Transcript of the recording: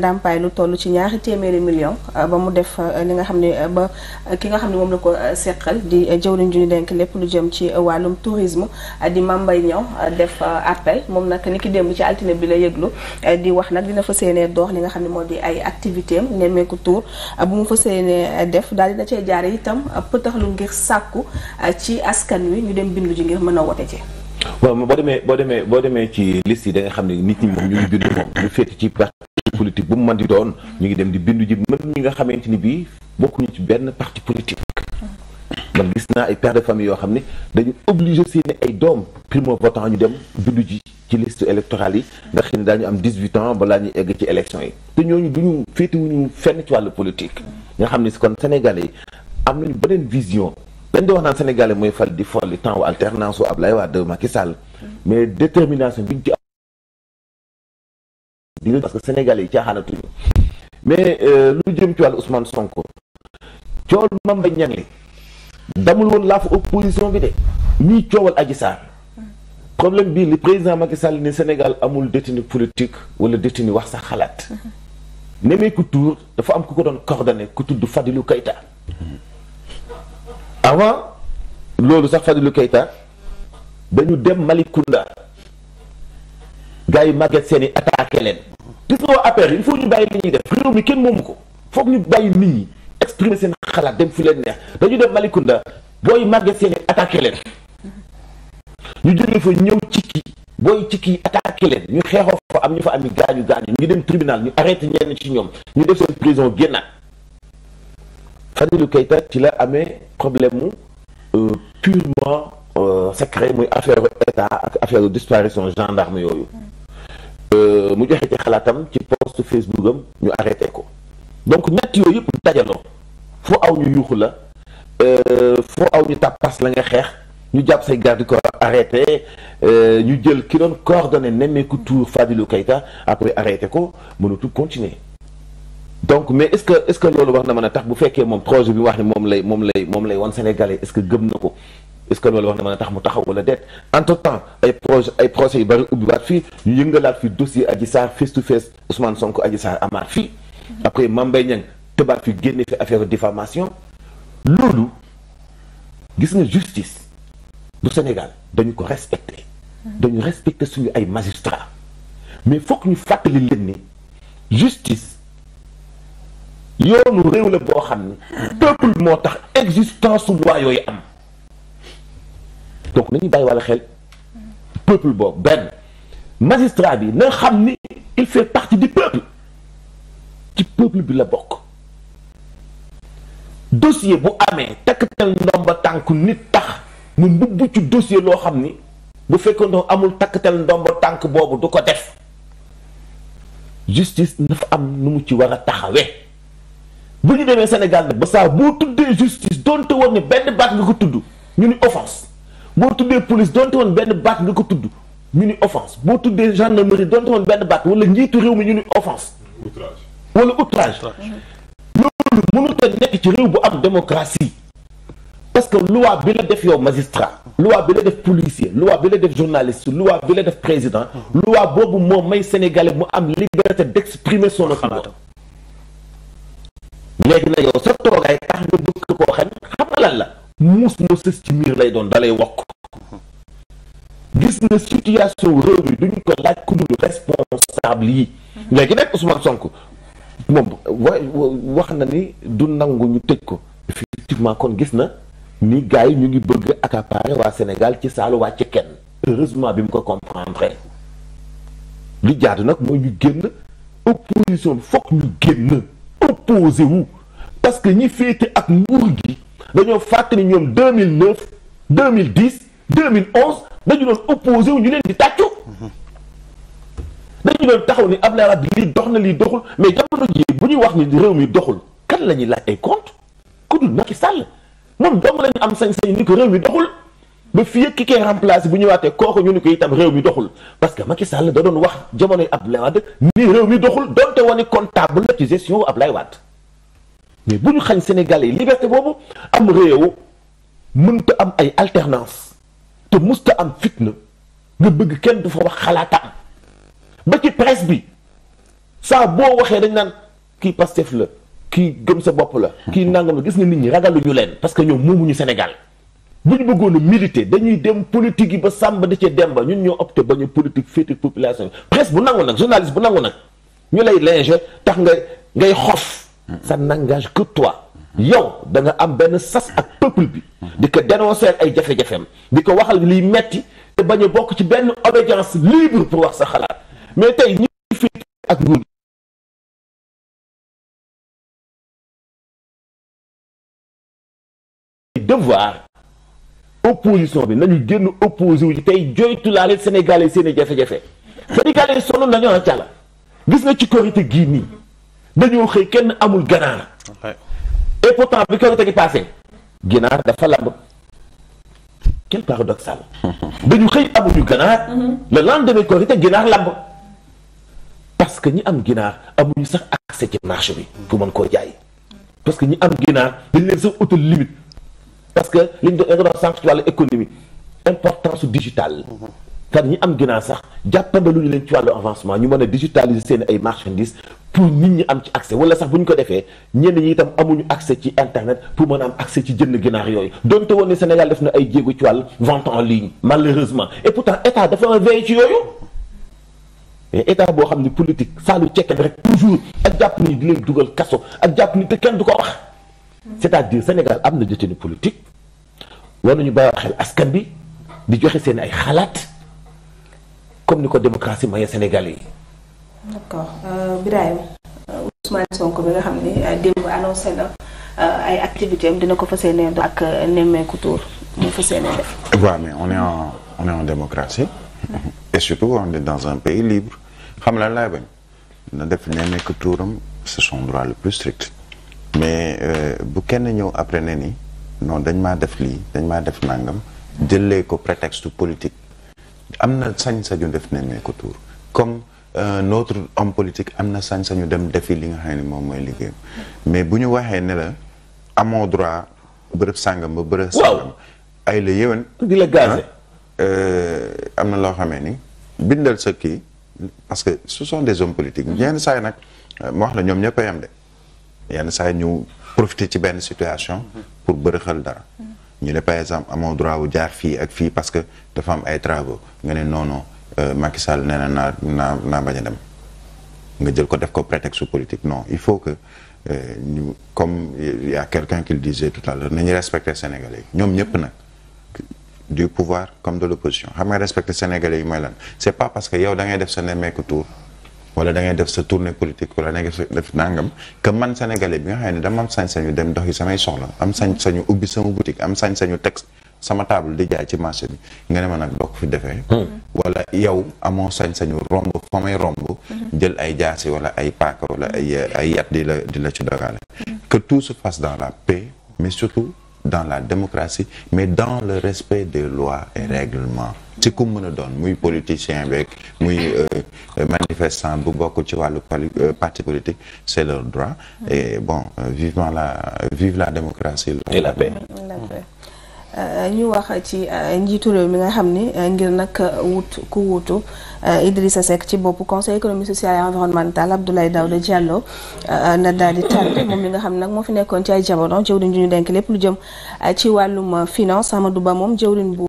ndàmpaay lu toll ci ñaari téeméeri million euh, ba mu def euh, li nga xam ne euh, ba ki nga xam ne moom la ko seqal di jëwriñ ju ñu denk lépp lu jëm ci wàllum tourisme di mambay ñaw def appel moom nag ni ki démb ci altine bi la yëglu di wax nag dina fa yéenee doox li nga xam ne moo di ay activité am nemmeeku tour bu mu fas yéenee def daal dina cee jaare itam pëtaxlu ngir sàkku ci askan wi ñu dem bindu ji ngir mën a wote ci waaw boo demee boo demee boo demee ci liste yi da nga politique bu mu mën di doon ñu ngi dem di bindu ji même ñi nga xamante ni bii bokkuñu ci benn parti politique. man gis naa ay pères de famille yoo xam ne dañu obligé seeni ay doom primo votant ñu dem bindu ji ci liste électorale yi ndax xëy na daañu am dix huit ans balaa ñuy egg ci élection yi te ñooñu duñu féetewuñu fenn ci wàllu politique nga xam ne si kon sénégalais yi am nañu beneen vision dañ di wax naan sénégalais mooy fal di folli temps wu alternance wu Ablaye la Macky Sall mais di nga parce que Sénégalais yi caaxaanatuñu mais euh, lu jëm ci wàllu Ousmane Sonko coowal Mame Mbaye Niang li damul woon laa fa opposition bi de ñuy coowal aji Sarr problème bii li président Macky Sall ni Sénégal amul détenu politique wala détenu wax sa xalaat Nemekou Tour dafa am ku ko doon coordonné ku tudd fadilu Keita avant loolu sax Fadilou Keita dañu dem Malicounda gars yi màgget seeni i leen gis nga waa affaire il faut ñu bàyyi li ñuy def réew mi kenn moomu ko foog ñu bàyyi nit ñi exprimer seen xalaat dem fu leen neex dañu dem Malicounda booy màgget seen attaqué leen ñu jógee fa ñëw cikki booy cikki yi attaqué leen ñu xeexoo fa am ñu fa ami gaañu gaañu ñu dem tribunal ñu arrêté ñenn ci ñoom ñu def seen prison génnaat Fadilou Keita ci la amee problème mu euh, purement euh, secret muy affaire état ak affaire disparition gendarme yooyu Euh, mu joxe ci xalaatam ci post Facebook am ñu arrêté ko donc ñett yooyu yëpp dajaloo foo aw ñu yuuxu la euh, foo aw ñu tàppas la nga xeex ñu jàpp say garde corps arrêté euh, ñu jël ki doon coordonné nemmeeku tour Fadilou Keita après arrêté ko mënatul continuer donc mais est-ce loolu wax na mën a tax bu fekkee moom projet bi wax ne moom lay moom lay moom lay wan Sénégalais est-ce que gëm na ko est-ce que loolu wax na mën a tax mu taxaw wala déet entre temps ay projet ay procès yu bari ubbiwaat fii ñu yëngalaat fi dossier Adji Sarr face to face Ousmane Sonko Adji Sarr amaat fii après Mame Mbaye Niang tëbaat fi génne fi affaire diffamation loolu gis nga justice bu Sénégal dañu ko respecté dañu respecté suñu ay magistrat mais fokk ñu fàttali leen ni justice yoonu réew la boo xam ni peuple moo tax existence su loi yooyu am donc nañu bàyyi wàlla xel peuple boobu benn magistrat bi na xam ni il fait partie du peuple ci peuple bi la bokk dossier bu amee takkatal ndomba tànk nit tax mu mbubb ci dossier loo xam ni bu fekkoon ne amul takkatal ndomba tànk boobu du ko def justice dafa am nu mu ci war a taxawee bu ñu demee Sénégal nag ba saa boo tuddee justice doonte woon ne benn baat nga ko tudd ñu ni offense boo tuddee police donte woon benn baat nga ko tudd ñu ni offense boo tuddee gendarmerie donte woon benn baat wala njiitu réew mi ñu ni offense. outrage wala outrage. loolu mënut nekk ci réew bu am démocratie. parce que loi bi la def yow magistrat. loi bi la def policier loi bi la def journaliste loi bi la def président. loi boobu moo may sénégalais mu am liberté d'exprimer son opinion. léegi nag yow sa toogaay tax nga bëgg koo xañ xamalal la. mus moo sës ci miir lay doon dalay wokk gis na situation réew mi duñu ko laaj ku dul responsable yi mhm. léegi nag Ousmane Sonko moom wax na ni du nangu ñu teg ko effectivement kon gis na ni gars yi ñu ngi bëgg accaparer waa Sénégal ci saalu wàcc kenn heureusement bi mu ko comprendre li jaadu nag mooy ñu génn opposition bi foog ñu génn opposé wu parce que ñi féete ak nguur gi dañoo fàttali ñoom 2009 2010 2011 dañu doon opposé wu ñu leen di tàccu. dañu doon taxaw ni Abdoulaye Wade lii dox na lii doxul mais jamono ji bu ñuy wax ni réew mi doxul kan la ñuy laaj ay compte ku dul Macky Sall moom dong la ñu am sañ-sañ ni ko réew mi doxul. ba fii ak ki koy remplacé bu ñëwaatee kooku ñu ni ko itam réew mi doxul parce que Macky Sall da doon wax jamonoy Abdoulaye Wade nii réew mi doxul donte wane comptable la ci gestion Abdoulaye waat mais bu ñu xañ Sénégalais yi liberté boobu am réew mënta am ay alternance te musta am fitna nga bëgg kenn du fa wax xalaatam ba ci presse bi saa boo waxee dañ naan kii Pastef la kii gëm sa bopp la kii nangam la gis nga nit ñi ragaluñu leen parce que ñoom moomuñu Sénégal bu ñu bëggoon militer dañuy dem politique yi ba sàmba da cee dem ba ñun ñoo opté ba ñu politique féete population presse bu nangu nag journaliste bu nangu nag ñu lay linge tax nga ngay xof ça n'engage que toi yow danga am benn sas ak peuple bi di ko dénoncer ay jafe-jafeem di ko waxal liy metti te bañ a bokk ci benn obédience libre pour wax sa xalaat mais tey ñi fi ak nguur devoir opposition bi nañu génn opposé wu tey joytu laale sénégalais seen i jafe-jafe sénégalais sonn nañu a ah, càlla gis na ci korité gii nii dañoo xëy kenn amul ganaar et pourtant bi ko tegi passé ginaar dafa lab quel paradoxal dañu xëy amuñu ganaar mm-hmm. le lendemain korité ginaar lab parce que ñi am ginaar amuñu sax accès ci marché bi pour mën koo jaay parce que ñi am ginaar dañ leen sax utal limite parce que liñ doon sànq ci wàllu économie importance digitale mm-hmm. kan ñi am ginaar sax jàppandalu ñu leen ci wàllu avancement ñu mën a digitaliser seen ay marchandises pour nit ñi am ci accès wala sax bu ñu ko defee ñenn ñi itam amuñu accès ci internet pour mën a am accès ci jënd ginaar yooyu donte woon ne Sénégal def na ay jéego ci wàllu vente en ligne malheureusement et pourtant état dafa war a veiller ci yooyu mais état boo xam ne politique saalu cekkeen rek toujours ak jàpp ni di leen dugal kaso ak jàpp ni te kenn du ko wax c'est-à-dire Sénégal am na jotinu politique war nañu bàyyi xel askan bi di joxe seen ay xalaat comme ni ko démocratie maye Sénégal yi. d'accord euh, Birahim euh, Ousmane Sonko bi nga xam ni euh, démb annoncé na ay activités dina ko fas yéene ak nemmeeku tour mu fas yéene def. waaw on est en démocratie. et surtout on est dans un pays libre xam la laay bañ na def nemmeeku tuuram c'est son droit le plus strict. mais bu kenn ñëw après ne ni non dañ maa def lii dañ maa def nangam jëlee ko prétexte politique. am na sañ-sañu def nemmeeku tur comme euh, notre homme politique am na sañ-sañu dem defi li nga xam ne moom mooy liggéeyam mais bu ñu waxee ne la amoo droit bërëb sàngam ba bërëb sàngam ay la yéwén ah, euh, am na loo xamee ni bindal sa kii parce que ce des hommes politiques mm-hmm. yenn saa yi nag wax na ñoom ñëpp a yem de yenn saa ñu profiter ci benn situation mm-hmm. pour bërëxal dara mm-hmm. ñu ne par exemple amoo droit bu jaar fii ak fii parce que dafa am ay travaux nga ne non non euh, Macky Sall nee na naa naa naa bañ a dem nga jël ko def ko prétexte politique non il faut que euh, ñu comme il y a quelqu'un qui le disait tout à l'heure nañu respecter Sénégalais ñoom ñëpp nag du pouvoir comme de l'opposition xam nga respecter Sénégalais yi mooy lan c'est pas parce que yow da ngay def sa nemmeeku tour wala da ngay def sa tournée politique wala da ngay def nangam que man sénégalais bi nga xam ne dama am sañ-sañu dem dox yi samay soxla am sañ-sañu ubbi sama boutique am sañ-sañu teg sama table di jaay ci marché bi nga ne ma nag doo ko fi defee. Hmm. wala yow amoo sañ-sañu romb fa may romb. Hmm. jël ay jaasi wala ay paaka wala ay ay yat di la di la ci dogale. Hmm. que tout se fasse la paix mais surtout. dans la démocratie mais dans le respect des lois et règlements ci ku mën a doon muy politicien beeg muy euh, euh, manifestant bu bokk ci wàllu euh, parti politique c'est leur droit et bon vivement la la démocratie et la La paix. ñu wax ci euh, njiitu réew mi nga xam ni euh, ngir nag euh, wut ku wuutu Idrissa Seck ci bopp conseil économique social et environnemental Abdoulaye Daouda Diallo na daal di tànn moom mi nga xam nag moo fi nekkoon ci ay jamono jëwriñ ju ñu denk lépp lu jëm ci wàllum finance Amadou Ba moom jëwriñ bu